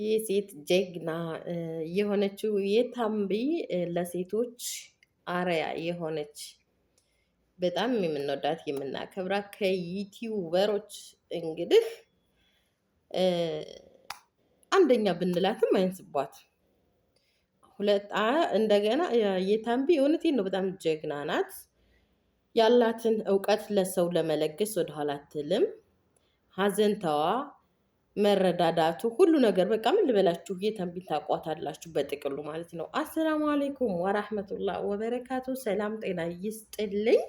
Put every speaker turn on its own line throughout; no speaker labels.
ይህ ሴት ጀግና የሆነችው የታምቢ ለሴቶች አርያ የሆነች በጣም የምንወዳት የምናከብራት ከዩቲዩበሮች እንግዲህ አንደኛ ብንላትም አይንስቧት። ሁለት እንደገና የታምቢ እውነቴን ነው፣ በጣም ጀግና ናት። ያላትን እውቀት ለሰው ለመለገስ ወደኋላ አትልም። ሀዘንተዋ መረዳዳቱ ሁሉ ነገር በቃ ምን ልበላችሁ የተንቢን ታቋታላችሁ በጥቅሉ ማለት ነው። አሰላሙ አሌይኩም ወራህመቱላህ ወበረካቱ። ሰላም ጤና ይስጥልኝ።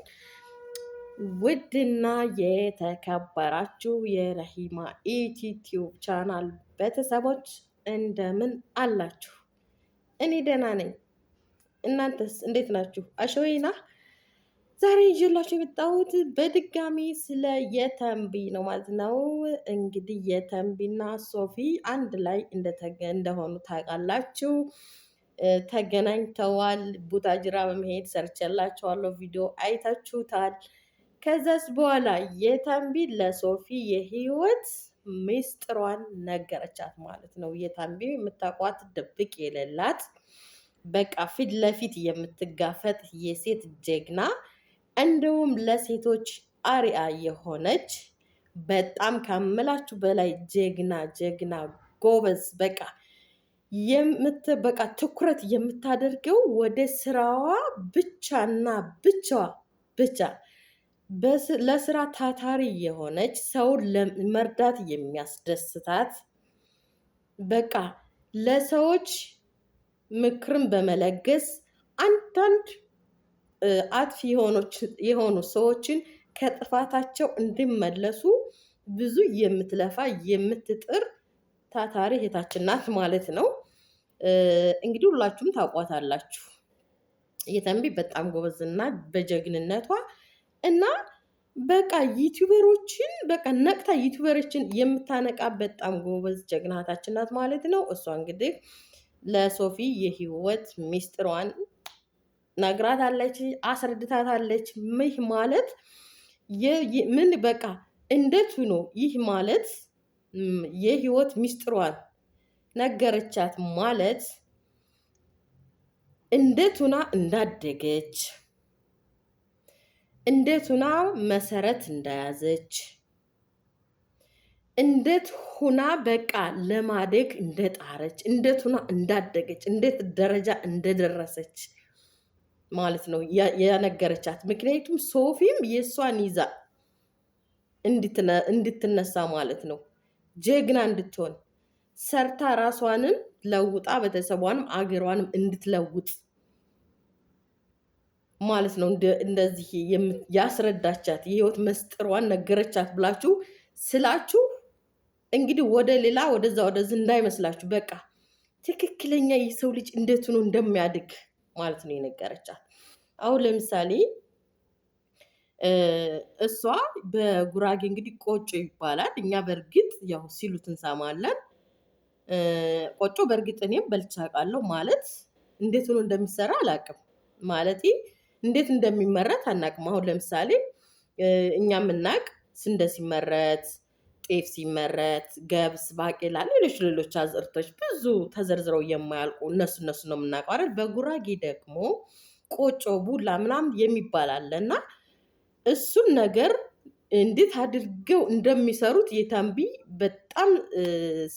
ውድና የተከበራችሁ የረሂማ ኢቲዩብ ቻናል ቤተሰቦች እንደምን አላችሁ? እኔ ደህና ነኝ። እናንተስ እንዴት ናችሁ? አሸወይና ዛሬ ይዤላችሁ የመጣሁት በድጋሚ ስለ የተንቢ ነው ማለት ነው። እንግዲህ የተንቢና ሶፊ አንድ ላይ እንደሆኑ ታውቃላችሁ። ተገናኝተዋል። ቡታጅራ በመሄድ ሰርቼላችኋለሁ፣ ቪዲዮ አይታችሁታል። ከዛስ በኋላ የተንቢ ለሶፊ የህይወት ሚስጥሯን ነገረቻት ማለት ነው። የተንቢ የምታውቋት ድብቅ የሌላት በቃ ፊት ለፊት የምትጋፈጥ የሴት ጀግና እንደውም ለሴቶች አሪያ የሆነች በጣም ከምላችሁ በላይ ጀግና ጀግና ጎበዝ በቃ የምት በቃ ትኩረት የምታደርገው ወደ ስራዋ ብቻና ብቻዋ ብቻ ለስራ ታታሪ የሆነች ሰውን መርዳት የሚያስደስታት በቃ ለሰዎች ምክርን በመለገስ አንዳንድ አጥፊ የሆኑ ሰዎችን ከጥፋታቸው እንዲመለሱ ብዙ የምትለፋ የምትጥር ታታሪ እህታችን ናት ማለት ነው። እንግዲህ ሁላችሁም ታውቋታላችሁ። የተንቢ በጣም ጎበዝና በጀግንነቷ እና በቃ ዩቱበሮችን በቃ ነቅታ ዩቱበሮችን የምታነቃ በጣም ጎበዝ ጀግናታችን ናት ማለት ነው። እሷ እንግዲህ ለሶፊ የህይወት ሚስጥሯን ነግራታለች፣ አስረድታታለች። ይህ ማለት ምን በቃ እንደቱ ነው። ይህ ማለት የህይወት ሚስጥሯን ነገረቻት ማለት እንደቱና እንዳደገች እንደቱና መሰረት እንደያዘች እንዴት ሁና በቃ ለማደግ እንደጣረች እንዴት ሁና እንዳደገች እንዴት ደረጃ እንደደረሰች ማለት ነው የነገረቻት። ምክንያቱም ሶፊም የእሷን ይዛ እንድትነሳ ማለት ነው ጀግና እንድትሆን ሰርታ ራሷንም ለውጣ ቤተሰቧንም አገሯንም እንድትለውጥ ማለት ነው። እንደዚህ ያስረዳቻት የህይወት መስጥሯን ነገረቻት ብላችሁ ስላችሁ እንግዲህ ወደ ሌላ ወደዛ ወደዚህ እንዳይመስላችሁ። በቃ ትክክለኛ የሰው ልጅ እንዴት ሆኖ እንደሚያድግ ማለት ነው የነገረቻት። አሁን ለምሳሌ እሷ በጉራጌ እንግዲህ ቆጮ ይባላል። እኛ በእርግጥ ያው ሲሉት እንሰማለን። ቆጮ በእርግጥ እኔም በልቼ አውቃለሁ። ማለት እንዴት ሆኖ እንደሚሰራ አላውቅም። ማለት እንዴት እንደሚመረት አናውቅም። አሁን ለምሳሌ እኛ የምናውቅ ስንዴ ሲመረት ጤፍ ሲመረት፣ ገብስ፣ ባቄላ፣ ሌሎች ሌሎች አዝርቶች ብዙ ተዘርዝረው የማያልቁ እነሱ እነሱ ነው የምናውቀው አይደል። በጉራጌ ደግሞ ቆጮ፣ ቡላ ምናምን የሚባል አለ እና እሱን ነገር እንዴት አድርገው እንደሚሰሩት የተንቢ በጣም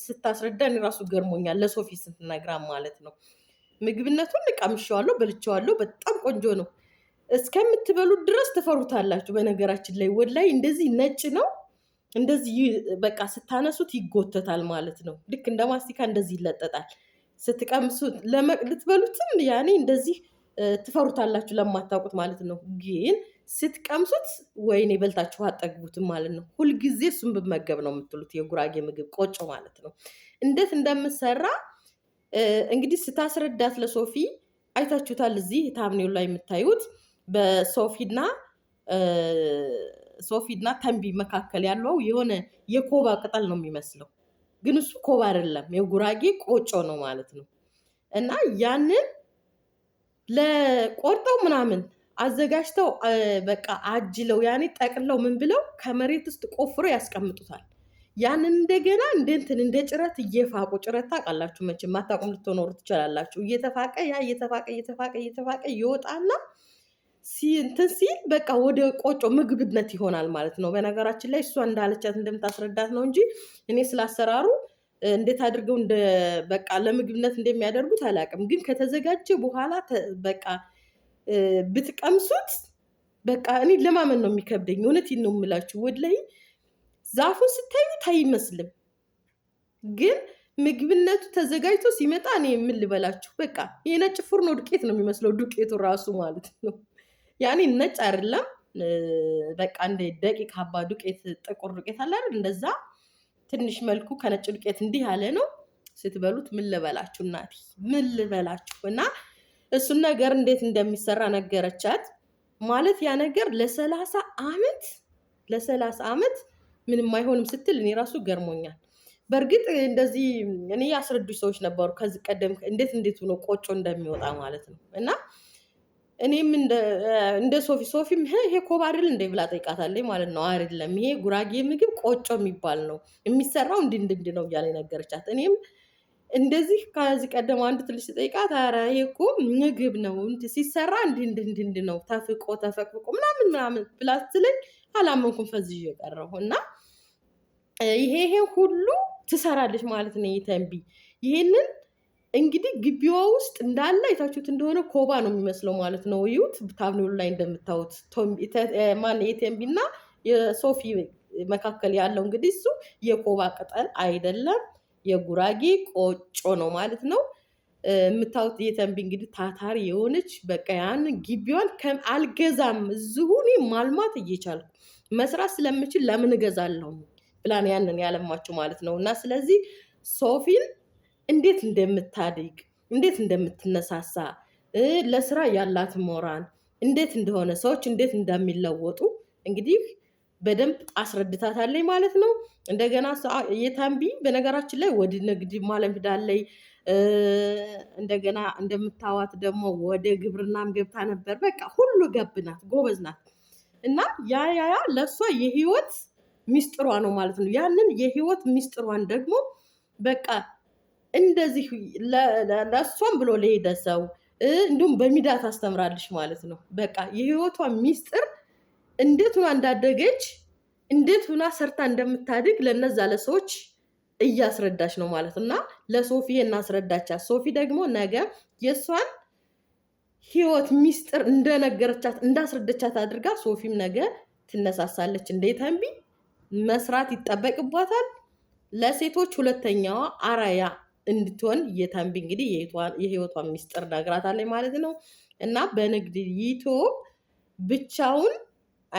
ስታስረዳን ራሱ ገርሞኛል። ለሶፊ ስትነግራ ማለት ነው። ምግብነቱን ቀምሼዋለሁ፣ በልቸዋለሁ። በጣም ቆንጆ ነው። እስከምትበሉት ድረስ ትፈሩታላችሁ። በነገራችን ላይ ወላይ እንደዚህ ነጭ ነው እንደዚህ በቃ ስታነሱት ይጎተታል ማለት ነው። ልክ እንደ ማስቲካ እንደዚህ ይለጠጣል። ስትቀምሱ ልትበሉትም ያኔ እንደዚህ ትፈሩታላችሁ ለማታውቁት ማለት ነው። ግን ስትቀምሱት ወይኔ በልታችሁ አጠግቡትም ማለት ነው። ሁልጊዜ እሱን ብመገብ ነው የምትሉት። የጉራጌ ምግብ ቆጮ ማለት ነው። እንዴት እንደምሰራ እንግዲህ ስታስረዳት ለሶፊ አይታችሁታል። እዚህ ታምኔው ላይ የምታዩት በሶፊና ሶፊ እና ተንቢ መካከል ያለው የሆነ የኮባ ቅጠል ነው የሚመስለው፣ ግን እሱ ኮባ አይደለም፣ የጉራጌ ቆጮ ነው ማለት ነው። እና ያንን ለቆርጠው ምናምን አዘጋጅተው በቃ አጅለው ያኔ ጠቅለው ምን ብለው ከመሬት ውስጥ ቆፍሮ ያስቀምጡታል። ያንን እንደገና እንደ እንትን እንደ ጭረት እየፋቁ ጭረት ታውቃላችሁ መቼም አታውቁም፣ ልትኖሩ ትችላላችሁ። እየተፋቀ ያ እየተፋቀ እየተፋቀ እየተፋቀ ይወጣና እንትን ሲል በቃ ወደ ቆጮ ምግብነት ይሆናል ማለት ነው። በነገራችን ላይ እሷ እንዳለቻት እንደምታስረዳት ነው እንጂ እኔ ስላሰራሩ እንዴት አድርገው በቃ ለምግብነት እንደሚያደርጉት አላውቅም። ግን ከተዘጋጀ በኋላ በቃ ብትቀምሱት በቃ እኔ ለማመን ነው የሚከብደኝ። እውነቴን ነው የምላችሁ። ወድ ላይ ዛፉን ስታዩት አይመስልም፣ ግን ምግብነቱ ተዘጋጅቶ ሲመጣ እኔ የምልበላችሁ በቃ የነጭ ፉርኖ ዱቄት ነው የሚመስለው ዱቄቱ ራሱ ማለት ነው። ያኔ ነጭ አይደለም በቃ እንደ ደቂቅ ሀባ ዱቄት ጥቁር ዱቄት አለ አይደል? እንደዛ ትንሽ መልኩ ከነጭ ዱቄት እንዲህ ያለ ነው። ስትበሉት ምን ልበላችሁ እናቴ ምን ልበላችሁ። እና እሱን ነገር እንዴት እንደሚሰራ ነገረቻት። ማለት ያ ነገር ለሰላሳ አመት ለሰላሳ አመት ምንም አይሆንም ስትል እኔ ራሱ ገርሞኛል። በእርግጥ እንደዚህ እኔ ያስረዱኝ ሰዎች ነበሩ ከዚህ ቀደም እንዴት እንዴት ሆኖ ቆጮ እንደሚወጣ ማለት ነው እና እኔም እንደ ሶፊ ሶፊም ይሄ ኮባ እንደ ብላ ጠይቃታለች ማለት ነው። አይደለም ይሄ ጉራጌ ምግብ ቆጮ የሚባል ነው የሚሰራው እንድንድንድ ነው እያለ ነገረቻት። እኔም እንደዚህ ከዚህ ቀደም አንድ ትልሽ ጠይቃት፣ ኧረ ይሄ እኮ ምግብ ነው ሲሰራ እንድንድንድ ነው ተፍቆ ተፈቅፍቆ ምናምን ምናምን ብላ ስትለኝ አላመንኩም። ፈዝዤ የቀረሁ እና ይሄ ይሄ ሁሉ ትሰራለች ማለት ነው የተንቢ ይህንን እንግዲህ ግቢዋ ውስጥ እንዳለ አይታችሁት እንደሆነ ኮባ ነው የሚመስለው ማለት ነው። እዩት፣ ታብኒሉ ላይ እንደምታዩት ማን የቴምቢ እና የሶፊ መካከል ያለው እንግዲህ እሱ የኮባ ቅጠል አይደለም የጉራጌ ቆጮ ነው ማለት ነው። የምታዩት የተንቢ እንግዲህ ታታሪ የሆነች በቃ ያን ግቢዋን አልገዛም እዚሁ እኔ ማልማት እየቻልኩ መስራት ስለምችል ለምን እገዛለሁ ብላን ያንን ያለማቸው ማለት ነው እና ስለዚህ ሶፊን እንዴት እንደምታድግ እንዴት እንደምትነሳሳ ለስራ ያላት ሞራል እንዴት እንደሆነ ሰዎች እንዴት እንደሚለወጡ እንግዲህ በደንብ አስረድታታለኝ ማለት ነው። እንደገና የታንቢ በነገራችን ላይ ወደ ንግድ ማለም እንደገና እንደምታዋት ደግሞ ወደ ግብርናም ገብታ ነበር። በቃ ሁሉ ገብ ናት፣ ጎበዝ ናት። እና ያ ያ ያ ለእሷ የህይወት ሚስጥሯ ነው ማለት ነው። ያንን የህይወት ሚስጥሯን ደግሞ በቃ እንደዚህ ለእሷም ብሎ ለሄደ ሰው እንዲሁም በሚዲያ ታስተምራለች ማለት ነው። በቃ የህይወቷ ሚስጥር እንዴት ሁና እንዳደገች እንዴት ሁና ሰርታ እንደምታድግ ለነዛ ለሰዎች እያስረዳች ነው ማለት እና ለሶፊ እናስረዳቻት። ሶፊ ደግሞ ነገ የእሷን ህይወት ሚስጥር እንደነገረቻት እንዳስረደቻት አድርጋ ሶፊም ነገ ትነሳሳለች። እንዴተንቢ መስራት ይጠበቅባታል። ለሴቶች ሁለተኛዋ አራያ እንድትሆን የታንቢ እንግዲህ የህይወቷን ሚስጥር ነግራታለች ማለት ነው። እና በንግድ ይቶ ብቻውን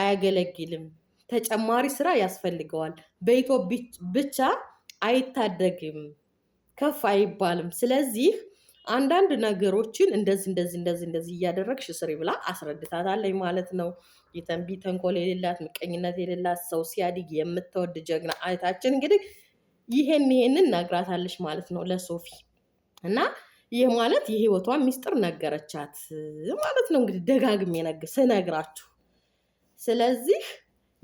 አያገለግልም፣ ተጨማሪ ስራ ያስፈልገዋል። በይቶ ብቻ አይታደግም፣ ከፍ አይባልም። ስለዚህ አንዳንድ ነገሮችን እንደዚህ እንደዚህ እንደዚህ እንደዚህ እያደረግሽ ስሪ ብላ አስረድታታለች ማለት ነው። የተንቢ ተንኮል የሌላት ምቀኝነት የሌላት ሰው ሲያድግ የምትወድ ጀግና አይታችን እንግዲህ ይሄን ይሄንን ነግራታለች ማለት ነው ለሶፊ እና ይህ ማለት የህይወቷን ሚስጥር ነገረቻት ማለት ነው። እንግዲህ ደጋግሜ ነግር ስነግራችሁ። ስለዚህ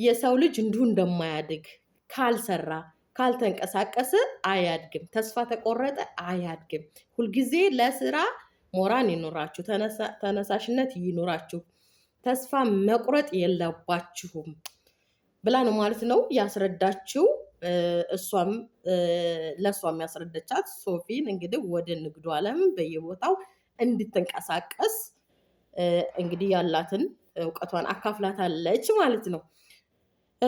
የሰው ልጅ እንዲሁ እንደማያድግ ካልሰራ፣ ካልተንቀሳቀሰ አያድግም። ተስፋ ተቆረጠ አያድግም። ሁልጊዜ ለስራ ሞራን ይኖራችሁ፣ ተነሳሽነት ይኖራችሁ፣ ተስፋ መቁረጥ የለባችሁም ብላ ነው ማለት ነው ያስረዳችው። እሷም ለእሷ የሚያስረደቻት ሶፊን እንግዲህ ወደ ንግዱ ዓለም በየቦታው እንድትንቀሳቀስ እንግዲህ ያላትን እውቀቷን አካፍላታለች ማለት ነው።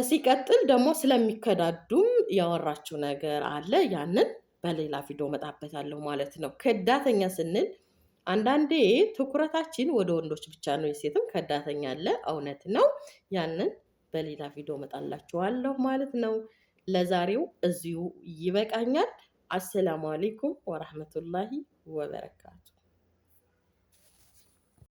ሲቀጥል ደግሞ ስለሚከዳዱም ያወራችው ነገር አለ። ያንን በሌላ ቪዲዮ መጣበታለሁ ማለት ነው። ከዳተኛ ስንል አንዳንዴ ትኩረታችን ወደ ወንዶች ብቻ ነው። የሴትም ከዳተኛ አለ፣ እውነት ነው። ያንን በሌላ ቪዲዮ መጣላችኋለሁ ማለት ነው። ለዛሬው እዚሁ ይበቃኛል። አሰላሙ አሌይኩም ወረህመቱላሂ ወበረካቱ።